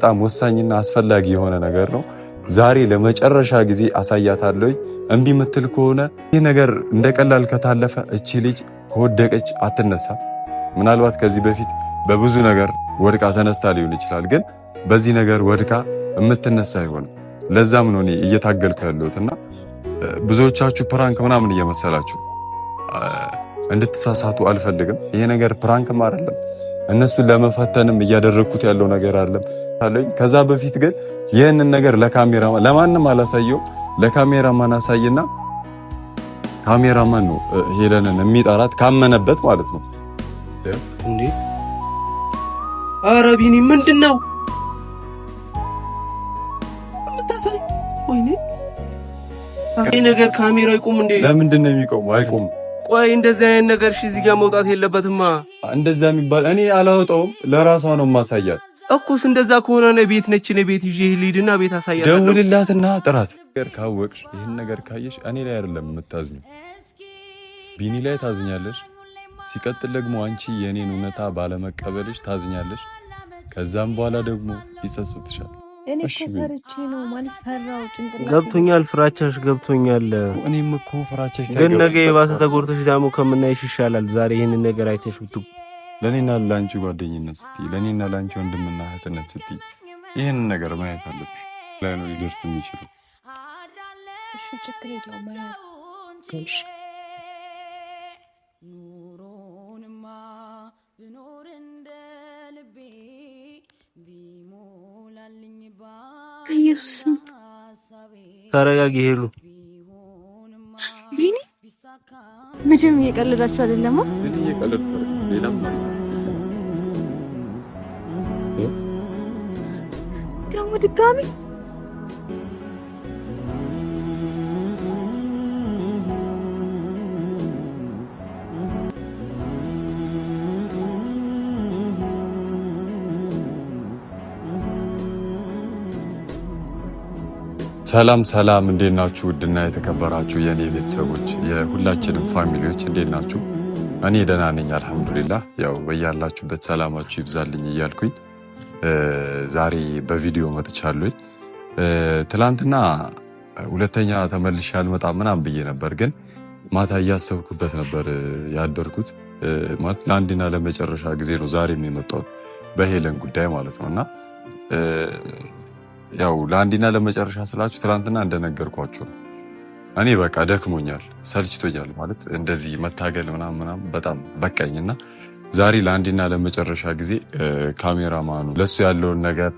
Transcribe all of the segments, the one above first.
በጣም ወሳኝና አስፈላጊ የሆነ ነገር ነው። ዛሬ ለመጨረሻ ጊዜ አሳያታለሁ። እምቢ ምትል ከሆነ ይህ ነገር እንደ ቀላል ከታለፈ እቺ ልጅ ከወደቀች አትነሳም። ምናልባት ከዚህ በፊት በብዙ ነገር ወድቃ ተነስታ ሊሆን ይችላል፣ ግን በዚህ ነገር ወድቃ የምትነሳ አይሆንም። ለዛም ነው እኔ እየታገልኩ ያለሁትና ብዙዎቻችሁ ፕራንክ ምናምን እየመሰላችሁ እንድትሳሳቱ አልፈልግም። ይሄ ነገር ፕራንክም አይደለም። እነሱን ለመፈተንም እያደረግኩት ያለው ነገር አለም አለኝ። ከዛ በፊት ግን ይህንን ነገር ለካሜራ ለማንም አላሳየውም። ለካሜራማን አሳይና ካሜራማን ነው ሄለንን የሚጠራት ካመነበት ማለት ነው። እንዴ አረቢኒ ምንድን ነው የምታሳይ? ወይኔ ይሄ ነገር ካሜራ ይቁም እንዴ! ለምንድን ነው የሚቆመው? ቆይ እንደዚህ አይነት ነገር ሺ እዚህ ጋር መውጣት የለበትማ። እንደዛ የሚባል እኔ አላወጣውም። ለራሷ ነው ማሳያት እኮስ። እንደዛ ከሆነ ነው ቤት ነች ነ ቤት ይዤ ልሂድና ቤት አሳያት። ደውልላትና ጥራት ነገር ካወቅሽ፣ ይህን ነገር ካየሽ እኔ ላይ አይደለም የምታዝኙ፣ ቢኒ ላይ ታዝኛለሽ። ሲቀጥል ደግሞ አንቺ የእኔን እውነታ ባለመቀበልሽ ታዝኛለሽ። ከዛም በኋላ ደግሞ ይጸጽትሻል። ገብቶኛል፣ ፍራቻሽ ገብቶኛል። እኔም እኮ ፍራቻሽ ግን ነገ የባሰ ተጎርተሽ ዳሞ ከምናይሽ ይሻላል። ዛሬ ይህንን ነገር አይተሽ ብቱ ለእኔና ለአንቺ ጓደኝነት ስትይ፣ ለእኔና ለአንቺ ወንድምና እህትነት ስትይ ይህንን ነገር ማየት አለብሽ። ላይ ነው ሊደርስ የሚችለው። እሺ ችግር የለውም። ተረጋጊ ሄሉ። ቢኒ ምንም እየቀለዳችሁ አይደለም። ምን እየቀለድኩ ሌላም ነው ደግሞ ድጋሚ ሰላም ሰላም፣ እንዴት ናችሁ? ውድና የተከበራችሁ የእኔ ቤተሰቦች የሁላችንም ፋሚሊዎች እንዴት ናችሁ? እኔ ደህና ነኝ አልሐምዱሊላ። ያው በያላችሁበት ሰላማችሁ ይብዛልኝ እያልኩኝ ዛሬ በቪዲዮ መጥቻለሁኝ። ትላንትና ሁለተኛ ተመልሼ ያልመጣ ምናምን ብዬ ነበር፣ ግን ማታ እያሰብኩበት ነበር ያደርኩት። ማለት ለአንድና ለመጨረሻ ጊዜ ነው ዛሬም የመጣሁት በሄለን ጉዳይ ማለት ነው እና ያው ለአንዴና ለመጨረሻ ስላችሁ ትናንትና እንደነገርኳችሁ እኔ በቃ ደክሞኛል፣ ሰልችቶኛል። ማለት እንደዚህ መታገል ምናምን ምናምን በጣም እና ዛሬ ለአንዴና ለመጨረሻ ጊዜ ካሜራማኑ ለሱ ያለውን ነገር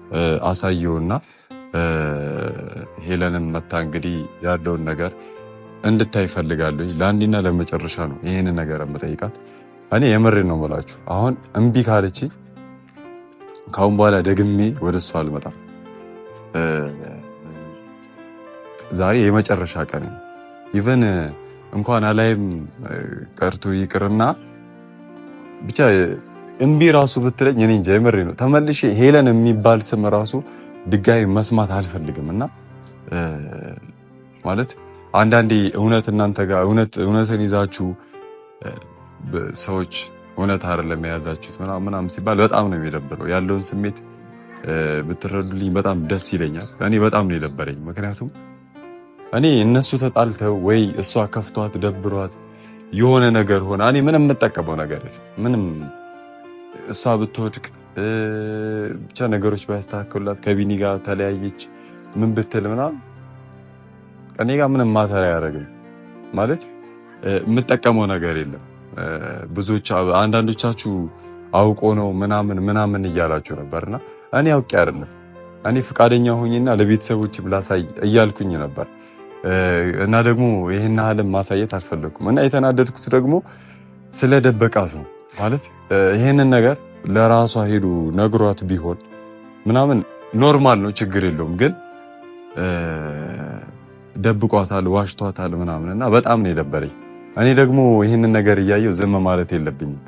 አሳየውና ሄለንም መታ እንግዲህ ያለውን ነገር እንድታይ እፈልጋለሁ። ለአንዴና ለመጨረሻ ነው ይህንን ነገር የምጠይቃት። እኔ የምሬ ነው የምላችሁ። አሁን እምቢ ካለች ካሁን በኋላ ደግሜ ወደ እሱ አልመጣም። ዛሬ የመጨረሻ ቀን ኢቨን እንኳን አላይም ቀርቶ ይቅርና ብቻ እምቢ ራሱ ብትለኝ እኔ እንጃ የምሬ ነው። ተመልሼ ሄለን የሚባል ስም ራሱ ድጋሚ መስማት አልፈልግም እና ማለት አንዳንዴ እውነት እናንተ ጋር እውነትን ይዛችሁ ሰዎች እውነት አይደለም የያዛችሁት ምናምን ሲባል በጣም ነው የሚደብረው ያለውን ስሜት ብትረዱልኝ በጣም ደስ ይለኛል። እኔ በጣም ነው የደበረኝ። ምክንያቱም እኔ እነሱ ተጣልተው ወይ እሷ ከፍቷት ደብሯት የሆነ ነገር ሆነ እኔ ምንም የምጠቀመው ነገር ምንም እሷ ብትወድቅ ብቻ ነገሮች ባያስተካከሉላት ከቢኒ ጋር ተለያየች ምን ብትል ምናምን እኔ ጋር ምንም ማተር አያደርግም ማለት የምጠቀመው ነገር የለም። ብዙዎች አንዳንዶቻችሁ አውቆ ነው ምናምን ምናምን እያላችሁ ነበርና እኔ አውቄ አይደለም እኔ ፈቃደኛ ሆኝና ለቤተሰቦችም ላሳይ እያልኩኝ ነበር። እና ደግሞ ይህን አለም ማሳየት አልፈለግኩም። እና የተናደድኩት ደግሞ ስለ ነው። ማለት ይህንን ነገር ለራሷ ሄዱ ነግሯት ቢሆን ምናምን ኖርማል ነው፣ ችግር የለውም። ግን ደብቋታል፣ ዋሽቷታል ምናምን እና በጣም ነው የደበረኝ። እኔ ደግሞ ይህንን ነገር እያየው ዝም ማለት የለብኝም።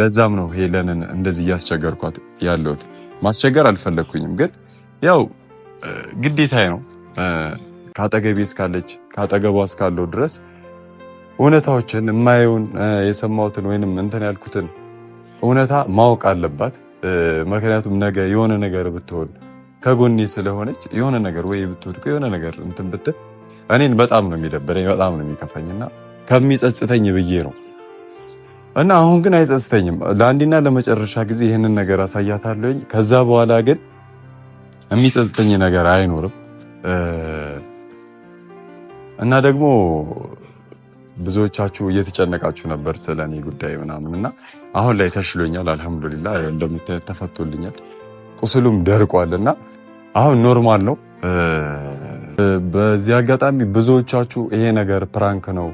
ለዛም ነው ሄለንን እንደዚህ እያስቸገርኳት ያለሁት። ማስቸገር አልፈለግኩኝም፣ ግን ያው ግዴታ ነው። ከአጠገቤ እስካለች ከአጠገቧ እስካለው ድረስ እውነታዎችን የማየውን የሰማሁትን ወይንም እንትን ያልኩትን እውነታ ማወቅ አለባት። ምክንያቱም ነገ የሆነ ነገር ብትሆን ከጎኔ ስለሆነች የሆነ ነገር ወይ ብትወድቅ የሆነ ነገር እንትን ብትል እኔን በጣም ነው የሚደብረኝ፣ በጣም ነው የሚከፋኝና ከሚጸጽተኝ ብዬ ነው እና አሁን ግን አይጸጽተኝም። ለአንዴና ለመጨረሻ ጊዜ ይህንን ነገር አሳያታለሁኝ። ከዛ በኋላ ግን የሚጸጽተኝ ነገር አይኖርም። እና ደግሞ ብዙዎቻችሁ እየተጨነቃችሁ ነበር ስለ እኔ ጉዳይ ምናምን እና አሁን ላይ ተሽሎኛል፣ አልሐምዱሊላ እንደምታየት ተፈቶልኛል። ቁስሉም ደርቋል እና አሁን ኖርማል ነው። በዚህ አጋጣሚ ብዙዎቻችሁ ይሄ ነገር ፕራንክ ነው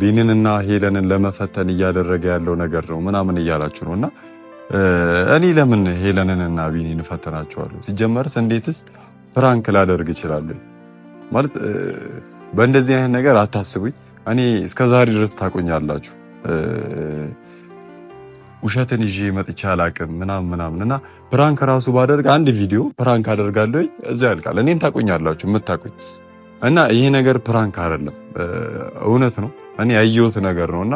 ቢኒንና ሄለንን ለመፈተን እያደረገ ያለው ነገር ነው ምናምን እያላችሁ ነው እና እኔ ለምን ሄለንን እና ቤኒን እፈተናቸዋለሁ? ሲጀመርስ እንዴትስ ፕራንክ ላደርግ እችላለሁ? ማለት በእንደዚህ አይነት ነገር አታስቡኝ። እኔ እስከ ዛሬ ድረስ ታቆኛላችሁ። ውሸትን ይዤ መጥቼ አላቅም ምናምን ምናምን እና ፕራንክ ራሱ ባደርግ አንድ ቪዲዮ ፕራንክ አደርጋለሁ፣ እዚያ ያልቃል። እኔን ታቆኛላችሁ የምታቆኝ እና ይሄ ነገር ፕራንክ አይደለም፣ እውነት ነው። እኔ ያየሁት ነገር ነው እና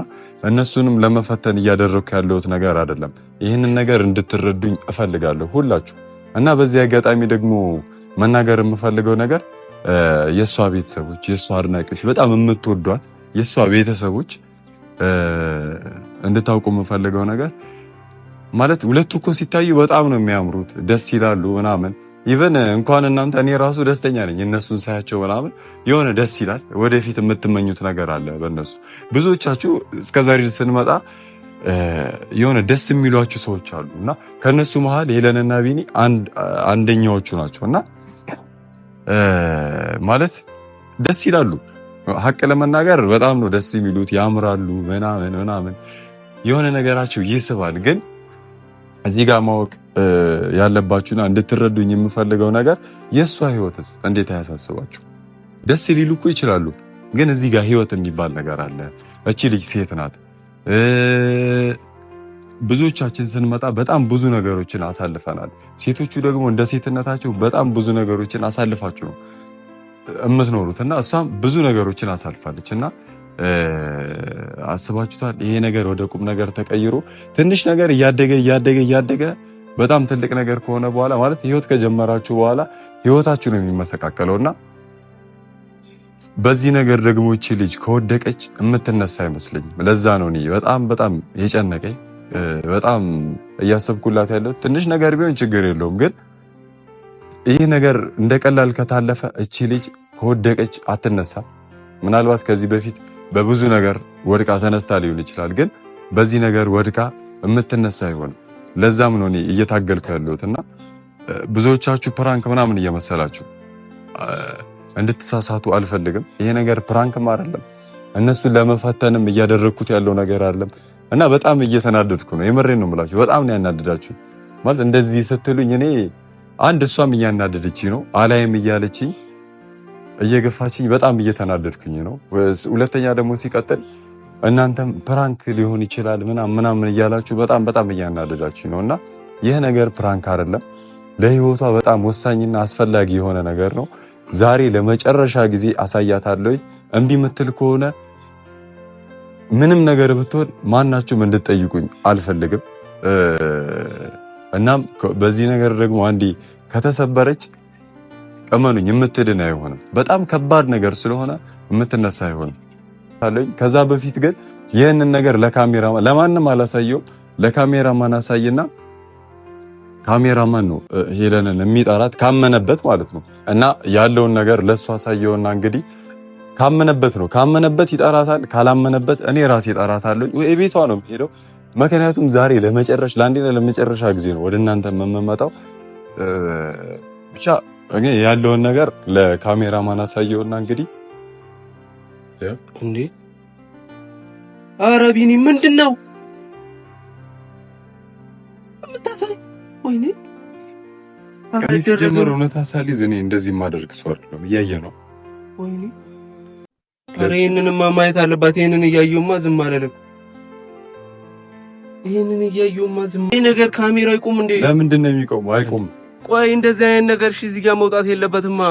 እነሱንም ለመፈተን እያደረግኩ ያለሁት ነገር አይደለም። ይህንን ነገር እንድትረዱኝ እፈልጋለሁ ሁላችሁ። እና በዚህ አጋጣሚ ደግሞ መናገር የምፈልገው ነገር የእሷ ቤተሰቦች፣ የእሷ አድናቂዎች፣ በጣም የምትወዷት የእሷ ቤተሰቦች እንድታውቁ የምፈልገው ነገር ማለት ሁለቱ እኮ ሲታዩ በጣም ነው የሚያምሩት፣ ደስ ይላሉ ምናምን ኢቨን uh, እንኳን እናንተ እኔ ራሱ ደስተኛ ነኝ። እነሱን ሳያቸው ምናምን የሆነ ደስ ይላል። ወደፊት የምትመኙት ነገር አለ በእነሱ ብዙዎቻችሁ እስከዛሬ ስንመጣ የሆነ ደስ የሚሏችሁ ሰዎች አሉ እና ከእነሱ መሀል ሄለንና ቢኒ አንደኛዎቹ ናቸው እና ማለት ደስ ይላሉ። ሀቅ ለመናገር በጣም ነው ደስ የሚሉት። ያምራሉ ምናምን ምናምን የሆነ ነገራቸው ይስባል ግን እዚህ ጋር ማወቅ ያለባችሁና እንድትረዱኝ የምፈልገው ነገር የእሷ ህይወትስ እንዴት አያሳስባችሁ? ደስ ሊሉ እኮ ይችላሉ፣ ግን እዚህ ጋር ህይወት የሚባል ነገር አለ። እቺ ልጅ ሴት ናት። ብዙዎቻችን ስንመጣ በጣም ብዙ ነገሮችን አሳልፈናል። ሴቶቹ ደግሞ እንደ ሴትነታቸው በጣም ብዙ ነገሮችን አሳልፋችሁ ነው የምትኖሩት እና እሷም ብዙ ነገሮችን አሳልፋለች እና አስባችሁታል? ይሄ ነገር ወደ ቁም ነገር ተቀይሮ ትንሽ ነገር እያደገ እያደገ እያደገ በጣም ትልቅ ነገር ከሆነ በኋላ ማለት ህይወት ከጀመራችሁ በኋላ ህይወታችሁ ነው የሚመሰቃቀለውና በዚህ ነገር ደግሞ እቺ ልጅ ከወደቀች የምትነሳ አይመስለኝም። ለዛ ነው እኔ በጣም በጣም የጨነቀኝ በጣም እያሰብኩላት ያለው ትንሽ ነገር ቢሆን ችግር የለውም ግን ይህ ነገር እንደ ቀላል ከታለፈ እቺ ልጅ ከወደቀች አትነሳ ምናልባት ከዚህ በፊት በብዙ ነገር ወድቃ ተነስታ ሊሆን ይችላል፣ ግን በዚህ ነገር ወድቃ የምትነሳ አይሆንም። ለዛም ነው እኔ እየታገልኩ ያለሁትና ብዙዎቻችሁ ፕራንክ ምናምን እየመሰላችሁ እንድትሳሳቱ አልፈልግም። ይሄ ነገር ፕራንክም አይደለም፣ እነሱን ለመፈተንም እያደረግኩት ያለው ነገር አይደለም። እና በጣም እየተናደድኩ ነው። የምሬ ነው የምላችሁ። በጣም ነው ያናደዳችሁ ማለት እንደዚህ ስትሉኝ እኔ አንድ እሷም እያናደደች ነው አላይም እያለችኝ እየገፋችኝ በጣም እየተናደድኩኝ ነው። ሁለተኛ ደግሞ ሲቀጥል እናንተም ፕራንክ ሊሆን ይችላል ምናምን ምናምን እያላችሁ በጣም በጣም እያናደዳችሁ ነው እና ይህ ነገር ፕራንክ አይደለም። ለህይወቷ በጣም ወሳኝና አስፈላጊ የሆነ ነገር ነው። ዛሬ ለመጨረሻ ጊዜ አሳያታለሁ። እምቢ ምትል ከሆነ ምንም ነገር ብትሆን ማናችሁም እንድትጠይቁኝ አልፈልግም። እናም በዚህ ነገር ደግሞ አንዴ ከተሰበረች እመኑኝ የምትድን አይሆንም። በጣም ከባድ ነገር ስለሆነ የምትነሳ አይሆንም አለኝ። ከዛ በፊት ግን ይህንን ነገር ለካሜራ ለማንም አላሳየው። ለካሜራማን አሳይና ካሜራማን ነው ሄለንን የሚጠራት ካመነበት ማለት ነው። እና ያለውን ነገር ለእሱ አሳየውና እንግዲህ ካመነበት ነው ካመነበት ይጠራታል፣ ካላመነበት እኔ ራሴ እጠራታለሁ። ቤቷ ነው ሄደው። ምክንያቱም ዛሬ ለመጨረሻ ለአንዴና ለመጨረሻ ጊዜ ነው ወደ እናንተ የምመጣው ብቻ እኔ ያለውን ነገር ለካሜራማን አሳየውና እንግዲህ እንዴ አረቢኒ ቢኒ ምንድን ነው የምታሳይ? ወይኔ ሲጀምር እውነት አሳሊዝ እኔ እንደዚህ ማደርግ ሰው አይደለም። እያየ ነው። ወይኔ ይህንንማ ማየት አለባት። ይህንን እያየውማ ዝም አለልም። ይህንን እያየውማ ዝም ነገር ካሜራ ይቁም እንዴ! ለምንድን ነው የሚቆመው? አይቆምም ቆይ እንደዚህ አይነት ነገር እሺ፣ እዚህ ጋር መውጣት የለበትማ።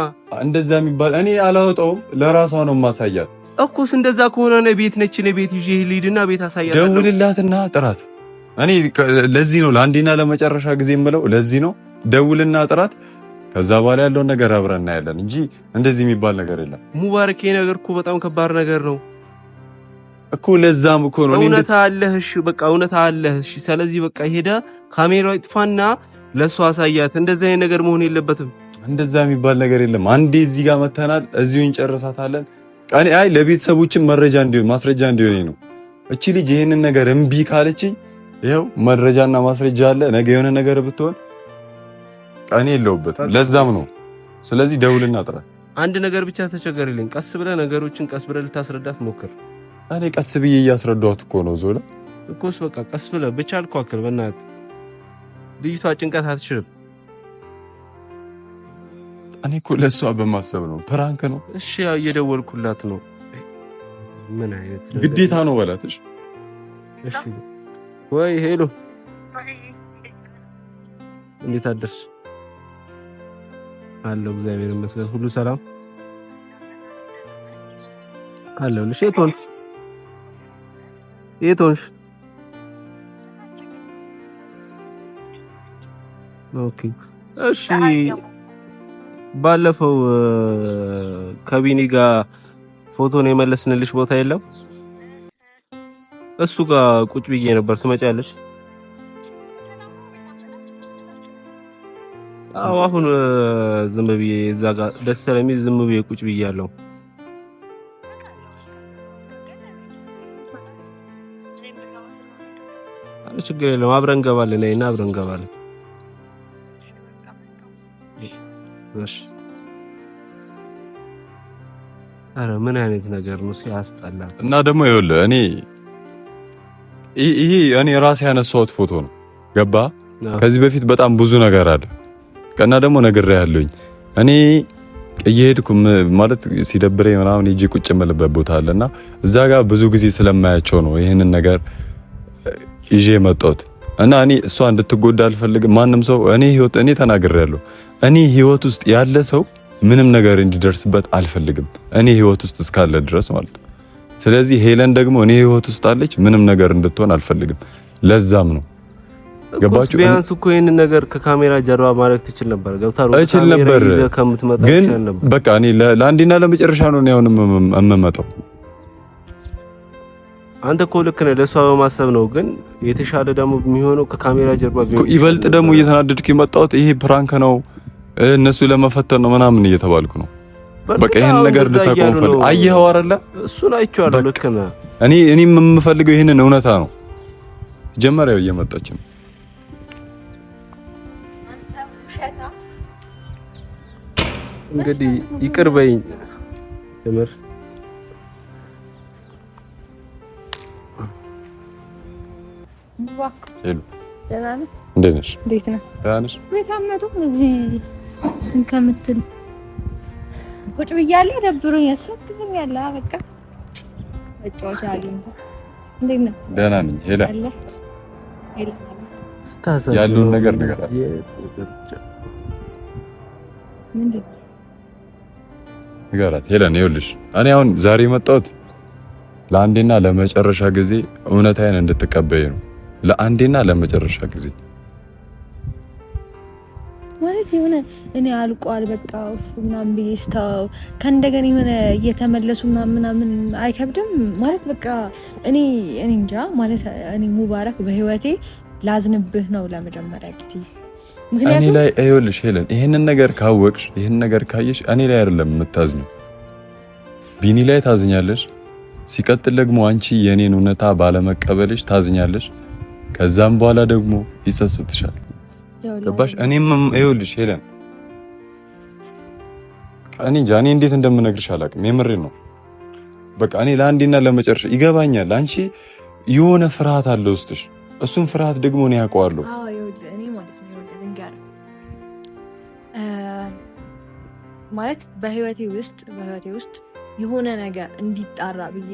እንደዛ የሚባል እኔ አላወጣውም። ለራሷ ነው ማሳያት እኮስ። እንደዛ ከሆነ ነው ቤት ነች ነው ቤት ይዤ ልሂድና ቤት አሳያት። ደውልላትና ጥራት። እኔ ለዚህ ነው ለአንዴና ለመጨረሻ ጊዜ የምለው ለዚህ ነው። ደውልና ጥራት። ከዛ በኋላ ያለውን ነገር አብረን እናያለን እንጂ እንደዚህ የሚባል ነገር የለም። ሙባረኬ ነገር እኮ በጣም ከባድ ነገር ነው እኮ ለዛም እኮ ነው እውነት አለህ። እሺ በቃ እውነት አለህ። እሺ ስለዚህ በቃ ሄዳ ካሜራው ይጥፋና ለሱ አሳያት። እንደዚህ አይነት ነገር መሆን የለበትም። እንደዛ የሚባል ነገር የለም። አንዴ እዚህ ጋር መተናል፣ እዚሁ እንጨርሳታለን። ቀኔ አይ ለቤተሰቦችን መረጃ እንዲሆን ማስረጃ እንዲሆን ነው። እቺ ልጅ ይህንን ነገር እምቢ ካለችኝ ይኸው መረጃና ማስረጃ አለ። ነገ የሆነ ነገር ብትሆን ቀኔ የለውበትም። ለዛም ነው ስለዚህ ደውልና ጥራት። አንድ ነገር ብቻ ተቸገር ይለኝ። ቀስ ብለህ ነገሮችን ቀስ ብለህ ልታስረዳት ሞክር። እኔ ቀስ ብዬ እያስረዳኋት እኮ ነው ዞላ እኮስ በቃ ቀስ ብለህ ብቻ አልኳክል በእናትህ ልጅቷ ጭንቀት አትችልም። እኔ እኮ ለእሷ በማሰብ ነው። ፕራንክ ነው። እሺ ያው እየደወልኩላት ነው። ምን አይነት ግዴታ ነው በላት። እሺ ወይ ሄሎ፣ እንዴት አደርሽ? አለው እግዚአብሔር ይመስገን፣ ሁሉ ሰላም አለሁልሽ። የት ሆንሽ? የት ሆንሽ? ኦኬ እሺ። ባለፈው ከቢኒ ጋር ፎቶን የመለስንልሽ ቦታ የለም? እሱ ጋር ቁጭ ብዬ ነበር። ትመጫለሽ? አዎ። አሁን ዝም ብዬ እዛ ጋር ደስ ስለሚል ዝም ብዬ ቁጭ ብዬ ያለው ችግር የለም። አብረን እንገባለን ይና አብረን እንገባለን ኧረ ምን አይነት ነገር ነው ሲያስጠላ። እና ደግሞ ይኸውልህ እኔ ይሄ እኔ ራሴ ያነሳሁት ፎቶ ነው ገባ። ከዚህ በፊት በጣም ብዙ ነገር አለ እና ደግሞ ያለኝ እኔ እየሄድኩ ማለት ሲደብረኝ ምናምን ሂጅ ቁጭ የምልበት ቦታ አለና እዛ ጋር ብዙ ጊዜ ስለማያቸው ነው ይህንን ነገር ይዤ መጣሁት። እና እኔ እሷ እንድትጎዳ አልፈልግም። ማንም ሰው እኔ ህይወት እኔ ተናግሬያለሁ። እኔ ህይወት ውስጥ ያለ ሰው ምንም ነገር እንዲደርስበት አልፈልግም፣ እኔ ህይወት ውስጥ እስካለ ድረስ ማለት ነው። ስለዚህ ሄለን ደግሞ እኔ ህይወት ውስጥ አለች፣ ምንም ነገር እንድትሆን አልፈልግም። ለዛም ነው ገባችሁ። ቢያንስ እኮ ይሄን ነገር ከካሜራ ጀርባ ማድረግ ትችል ነበር፣ ገብታ እችል ነበር። ግን በቃ እኔ ለአንዴና ለመጨረሻ ነው እኔ የምመጣው። አንተ እኮ ልክ ነህ፣ ለእሷ በማሰብ ነው። ግን የተሻለ ደግሞ የሚሆነው ከካሜራ ጀርባ ይበልጥ ደግሞ እየተናደድኩ የመጣሁት ይሄ ፕራንክ ነው እነሱ ለመፈተን ነው ምናምን እየተባልኩ ነው። በቃ ይሄን ነገር ልታቆም ፈል አየኸው አይደለ? እሱን አይቼዋለሁ። ልክ ነህ። እኔ እኔም የምፈልገው ይሄንን እውነታ ነው። ጀመሪያው እየመጣች ነው። እንግዲህ ይቅር በይኝ ጀመር ደህና ነሽ? እንዴት ነህ? ደህና ነሽ? ቤት አመጡ እዚህ ከምትሉ ቁጭ ብያለሁ። ደብሩኝ ያለ በቃ መጫወቻ አግኝታ እንዴት ነው? ደህና ነኝ። ሄላ ያለውን ነገር ንገራት። ምንድን ንገራት። ነው። ይኸውልሽ፣ እኔ አሁን ዛሬ መጣሁት ለአንዴና ለመጨረሻ ጊዜ እውነታዬን እንድትቀበይ ነው። ለአንዴና ለመጨረሻ ጊዜ ማለት የሆነ እኔ አልቋል በቃ ምናምን ብዬ ስታው ከእንደገና የሆነ እየተመለሱ ምናምን አይከብድም ማለት በቃ እኔ እኔ እንጃ ማለት እኔ ሙባረክ በህይወቴ ላዝንብህ ነው ለመጀመሪያ ጊዜ። እኔ ላይ ይኸውልሽ፣ ሄለን ይህንን ነገር ካወቅሽ ይህን ነገር ካየሽ እኔ ላይ አይደለም የምታዝኝው፣ ቢኒ ላይ ታዝኛለሽ። ሲቀጥል ደግሞ አንቺ የእኔን እውነታ ባለመቀበልሽ ታዝኛለሽ። ከዛም በኋላ ደግሞ ይጸጽትሻል። ገባሽ? እኔም ይኸውልሽ ሄለን እኔ እንጃ እኔ እንዴት እንደምነግርሽ አላውቅም። የምሬ ነው። በቃ እኔ ለአንዴና ለመጨረሻ ይገባኛል። አንቺ የሆነ ፍርሃት አለ ውስጥሽ። እሱን ፍርሃት ደግሞ እኔ ያውቀዋለሁ። ማለት በህይወቴ ውስጥ በህይወቴ ውስጥ የሆነ ነገር እንዲጣራ ብዬ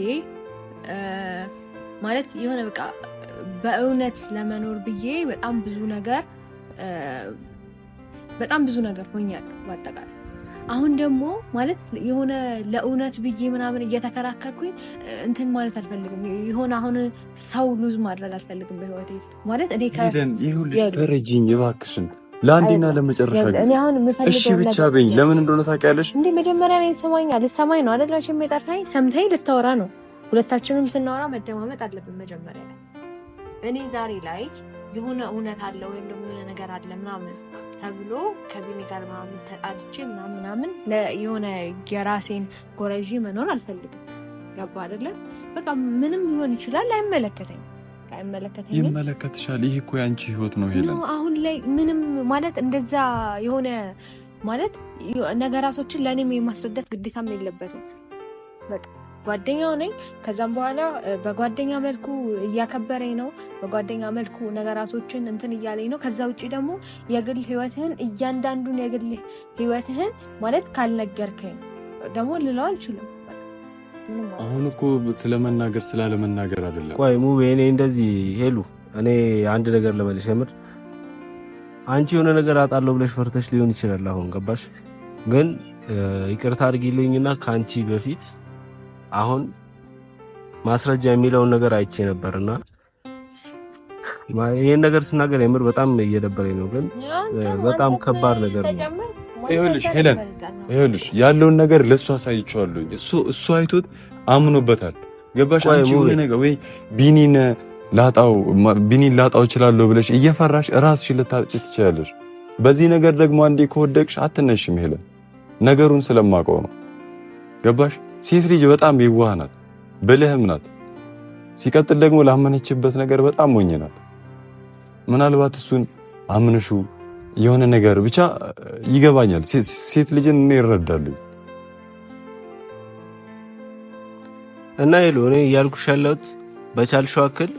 ማለት የሆነ በቃ በእውነት ለመኖር ብዬ በጣም ብዙ ነገር በጣም ብዙ ነገር ሆኛል። በአጠቃላይ። አሁን ደግሞ ማለት የሆነ ለእውነት ብዬ ምናምን እየተከራከርኩኝ እንትን ማለት አልፈልግም። የሆነ አሁን ሰው ሉዝ ማድረግ አልፈልግም በህይወት ይፍት ማለት እኔ ተረጂኝ እባክሽን ለአንዴና ለመጨረሻ ጊዜ እሺ ብቻ በኝ። ለምን እንደሆነ ታውቂያለሽ። እንደ መጀመሪያ ላይ ሰማኝ ልሰማኝ ነው አደላሽ የጠራኝ ሰምተኝ ልታወራ ነው። ሁለታችንም ስናወራ መደማመጥ አለብን መጀመሪያ ላይ እኔ ዛሬ ላይ የሆነ እውነት አለ ወይም ደግሞ የሆነ ነገር አለ ምናምን ተብሎ ከቢኒ ጋር ምናምን ተጣልቼ ምናምን ምናምን የሆነ የራሴን ጎረዥ መኖር አልፈልግም። ገባ አይደለም? በቃ ምንም ሊሆን ይችላል። አይመለከተኝም ይመለከትሻል። ይህ እኮ ያንቺ ህይወት ነው። ሄለ አሁን ላይ ምንም ማለት እንደዛ የሆነ ማለት ነገራቶችን ለእኔም የማስረዳት ግዴታም የለበትም በቃ ጓደኛው ነኝ። ከዛም በኋላ በጓደኛ መልኩ እያከበረኝ ነው፣ በጓደኛ መልኩ ነገራቶችን እንትን እያለኝ ነው። ከዛ ውጭ ደግሞ የግል ህይወትህን እያንዳንዱን የግል ህይወትህን ማለት ካልነገርከኝ ደግሞ ልለው አልችልም። አሁን እኮ ስለመናገር ስላለመናገር አይደለም። ቆይ ሙቤ፣ እኔ እንደዚህ ሄሉ፣ እኔ አንድ ነገር ልበልሽ የምር አንቺ የሆነ ነገር አጣለው ብለሽ ፈርተሽ ሊሆን ይችላል። አሁን ገባሽ? ግን ይቅርታ አድርጊልኝና ከአንቺ በፊት አሁን ማስረጃ የሚለውን ነገር አይቼ ነበርና ይህን ነገር ስናገር የምር በጣም እየደበረኝ ነው፣ ግን በጣም ከባድ ነገር ነው። ይኸውልሽ ሄለን፣ ይኸውልሽ ያለውን ነገር ለእሱ አሳይቼዋለሁ። እሱ እሱ አይቶት አምኖበታል። ገባሽ? አንቺ የሆነ ነገር ወይ ቢኒን ላጣው ቢኒን ላጣው እችላለሁ ብለሽ እየፈራሽ ራስሽን ልታጥቂ ትችላለሽ። በዚህ ነገር ደግሞ አንዴ ከወደቅሽ አትነሽም ሄለን። ነገሩን ስለማውቀው ነው። ገባሽ? ሴት ልጅ በጣም የዋህ ናት፣ ብልህም ናት። ሲቀጥል ደግሞ ላመነችበት ነገር በጣም ሞኝ ናት። ምናልባት እሱን አምንሹ የሆነ ነገር ብቻ ይገባኛል። ሴት ልጅን እኔ ይረዳሉ እና ይሉ እኔ እያልኩሽ ያለሁት በቻልሽው አክል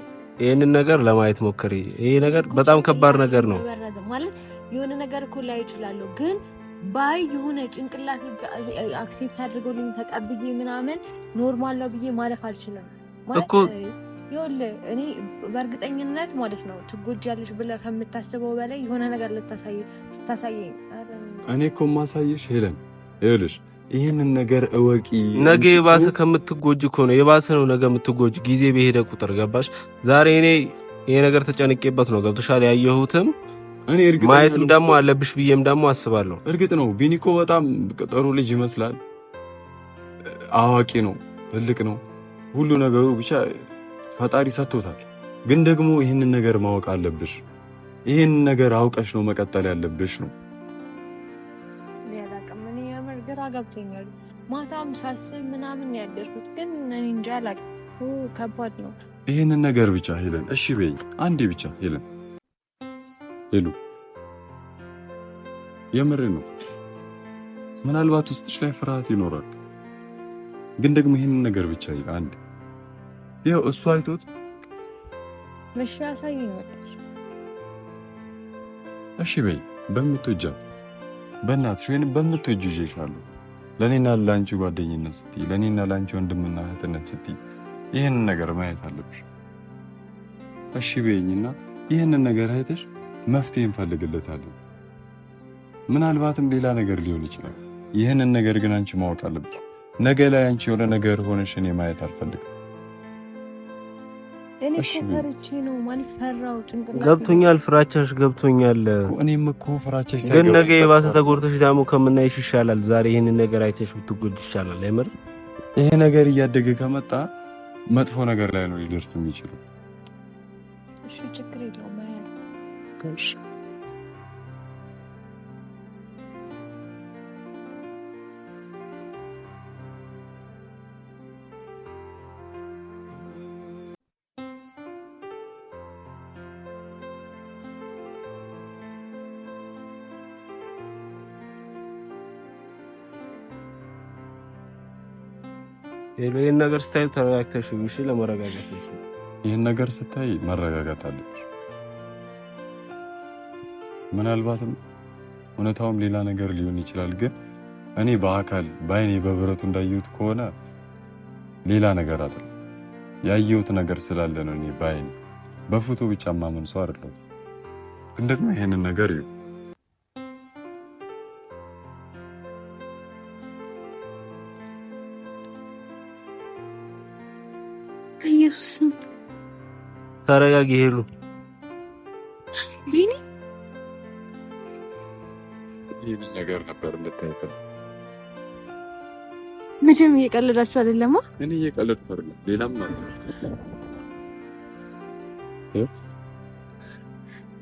ይህንን ነገር ለማየት ሞክሪ። ይሄ ነገር በጣም ከባድ ነገር ነው። የሆነ ነገር እኮ ላይ ግን ባይ የሆነ ጭንቅላት አክሴፕት አድርገውልኝ ተቀብዬ ምናምን ኖርማል ነው ብዬ ማለፍ አልችልም። ማለት ይኸውልህ እኔ በእርግጠኝነት ማለት ነው ትጎጃለሽ ብለህ ከምታስበው በላይ የሆነ ነገር ስታሳየኝ እኔ እኮ ማሳየሽ ሄለን፣ ይኸውልሽ ይህንን ነገር እወቂ። ነገ የባሰ ከምትጎጅ እኮ ነው የባሰ ነው ነገ የምትጎጅ ጊዜ በሄደ ቁጥር ገባሽ። ዛሬ እኔ ይሄ ነገር ተጨንቄበት ነው ገብቶሻል ያየሁትም እኔ እርግጥ ማየትም ደግሞ አለብሽ ብዬም ደግሞ አስባለሁ። እርግጥ ነው ቢኒኮ በጣም ጥሩ ልጅ ይመስላል። አዋቂ ነው፣ ትልቅ ነው፣ ሁሉ ነገሩ ብቻ ፈጣሪ ሰጥቶታል። ግን ደግሞ ይህንን ነገር ማወቅ አለብሽ። ይህን ነገር አውቀሽ ነው መቀጠል ያለብሽ ነው። ግራ ገብቶኛል። ማታም ሳስብ ምናምን ያደርኩት ግን እንጃ፣ ከባድ ነው። ይህንን ነገር ብቻ ሄለን፣ እሺ በይ አንዴ ብቻ ሄለን ሄሉ የምሬ ነው። ምናልባት ውስጥሽ ላይ ፍርሃት ይኖራል፣ ግን ደግሞ ይህንን ነገር ብቻ አንድ ይኸው እሱ አይቶት መሻ ያሳይ እሺ በይ በምትወጃ በእናትሽ ወይንም በምትወጁ ይዤሻለሁ። ለእኔና ለአንቺ ጓደኝነት ስትይ፣ ለእኔና ለአንቺ ወንድምና እህትነት ስትይ ይህንን ነገር ማየት አለብሽ። እሺ በይኝና ይህንን ነገር አይተሽ መፍትሄ እንፈልግለታለን። ምናልባትም ሌላ ነገር ሊሆን ይችላል። ይህንን ነገር ግን አንቺ ማወቅ አለብሽ። ነገ ላይ አንቺ የሆነ ነገር ሆነሽ እኔ ማየት አልፈልግም። እኔ ገብቶኛል። ፍራቻሽ ገብቶኛል። እኔም እኮ ፍራቻሽ ግን ነገ የባሰ ተጎድተሽ ዳሞ ከምናይሽ ይሻላል። ዛሬ ይህንን ነገር አይተሽ ብትጎድ ይሻላል። አይመር ይሄ ነገር እያደገ ከመጣ መጥፎ ነገር ላይ ነው ሊደርስ የሚችለው። እሺ ችግር የለውም። Pêche. ይህን ነገር ስታይ ተረጋግተሽ፣ እሺ ለመረጋጋት ይህን ነገር ስታይ መረጋጋት አለብሽ። ምናልባትም እውነታውም ሌላ ነገር ሊሆን ይችላል። ግን እኔ በአካል በአይኔ በብረቱ እንዳየሁት ከሆነ ሌላ ነገር አይደለም። ያየሁት ነገር ስላለ ነው። እኔ በአይኔ በፎቶ ብቻ ማመን ሰው አይደለም። ግን ደግሞ ይሄንን ነገር እዩ። ተረጋጊ ሄሉ ይህን ነገር ነበር እንድታይፈል መቼም እየቀለዳችሁ አይደለማ? እኔ እየቀለድኩ አይደለም፣ ሌላም አለ።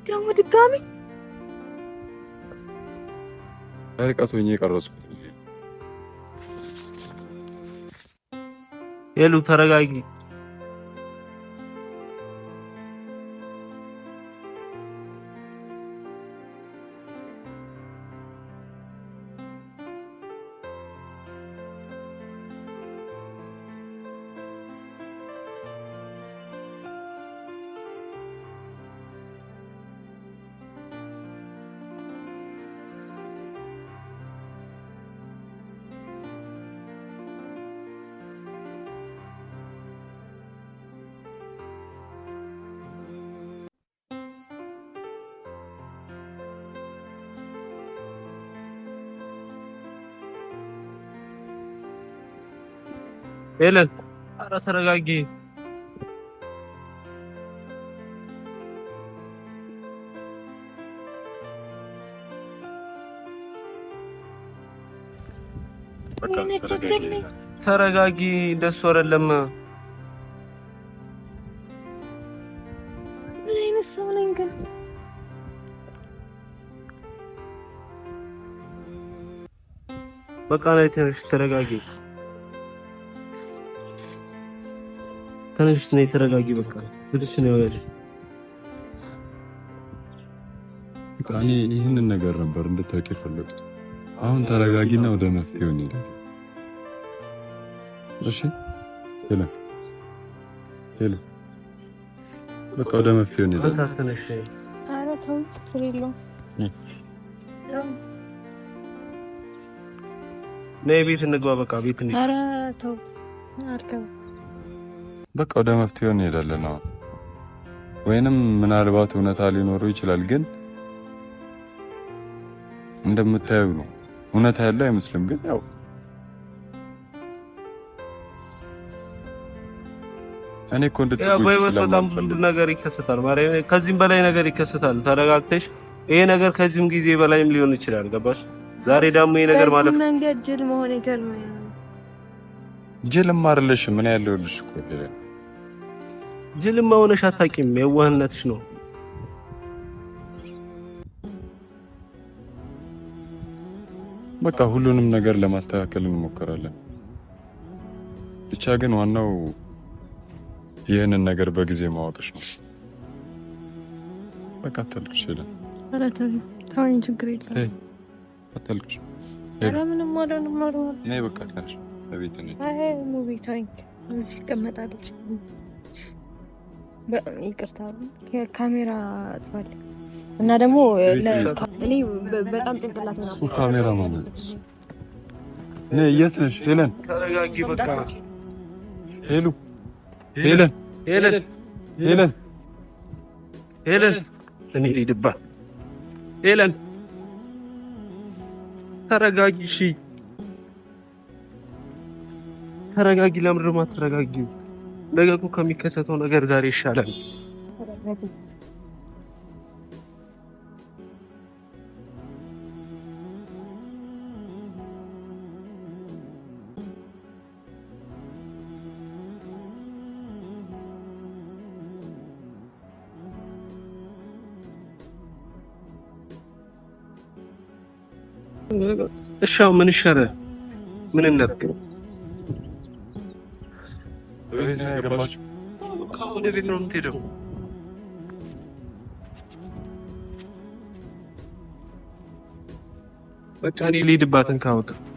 ደግሞ ድጋሚ ርቀት ኝ የቀረጽኩት። ሄሉ ተረጋጊ። ሄለን፣ ኧረ ተረጋጊ። ተረጋጊ። እንደሱ አይደለም። ምን አይነት ሰው ነኝ ግን? በቃ ላይ ተረጋጊ። ተነሽ ነው ተረጋጊ በቃ ትንሽ ነው ያለሽ። እኔ ይህንን ነገር ነበር እንድታውቂ የፈለጉት። አሁን ተረጋጊና ወደ መፍትሄው ነው። እሺ ሄሎ፣ ሄሎ፣ በቃ ወደ መፍትሄው ነው። ተነሽ። ኧረ ተው ነይ ቤት እንግባ። በቃ ቤት እንሂድ። ኧረ ተው አልገባም በቃ ወደ መፍትሄው እንሄዳለን። አሁን ወይንም ምናልባት እውነታ ሊኖሩ ይችላል፣ ግን እንደምታየው ነው። እውነታ ያለው አይመስልም፣ ግን ያው እኔ እኮ እንድትጎጂ በጣም ብዙ ነገር ይከሰታል። ከዚህም በላይ ነገር ይከሰታል። ተረጋግተሽ ይሄ ነገር ከዚህም ጊዜ በላይም ሊሆን ይችላል። ገባሽ? ዛሬ ደግሞ ይሄ ነገር ማለት መንገድ ጅል መሆን ይገርመኛል። ጅልም ማርለሽ ምን ያለውልሽ እኮ ጅልማ ሆነሽ አታቂም። የዋህነትሽ ነው። በቃ ሁሉንም ነገር ለማስተካከል እንሞክራለን። ብቻ ግን ዋናው ይህንን ነገር በጊዜ ማወቅሽ ነው። በቃ አታልቅሽ። የለም ኧረ ተወኝ፣ ችግር የለም አታልቅሽ። ኧረ ምንም አልሆንም። በቃ ተነሽ፣ ቤት እንሂድ። ሙቤ ተወኝ፣ እዚህ እቀመጣለሁ። ይቅርታ ካሜራ አጥፋል እና ደግሞ እኔ በጣም ጭንቅላት እሱ ካሜራ የት ነሽ ሄለን? ተረጋጊ በቃ ሄሉ፣ ሄለን፣ ሄለን፣ ሄለን፣ ሄለን፣ ሄለን፣ ተረጋጊ። እሺ ተረጋጊ። ለምንድን ነው የማትረጋጊው? ነገ እኮ ከሚከሰተው ነገር ዛሬ ይሻላል። እሻው ምን ይሻላል? ምን እናድርግ? 가버지 가운데를 그럼 데려 But I need the button counter.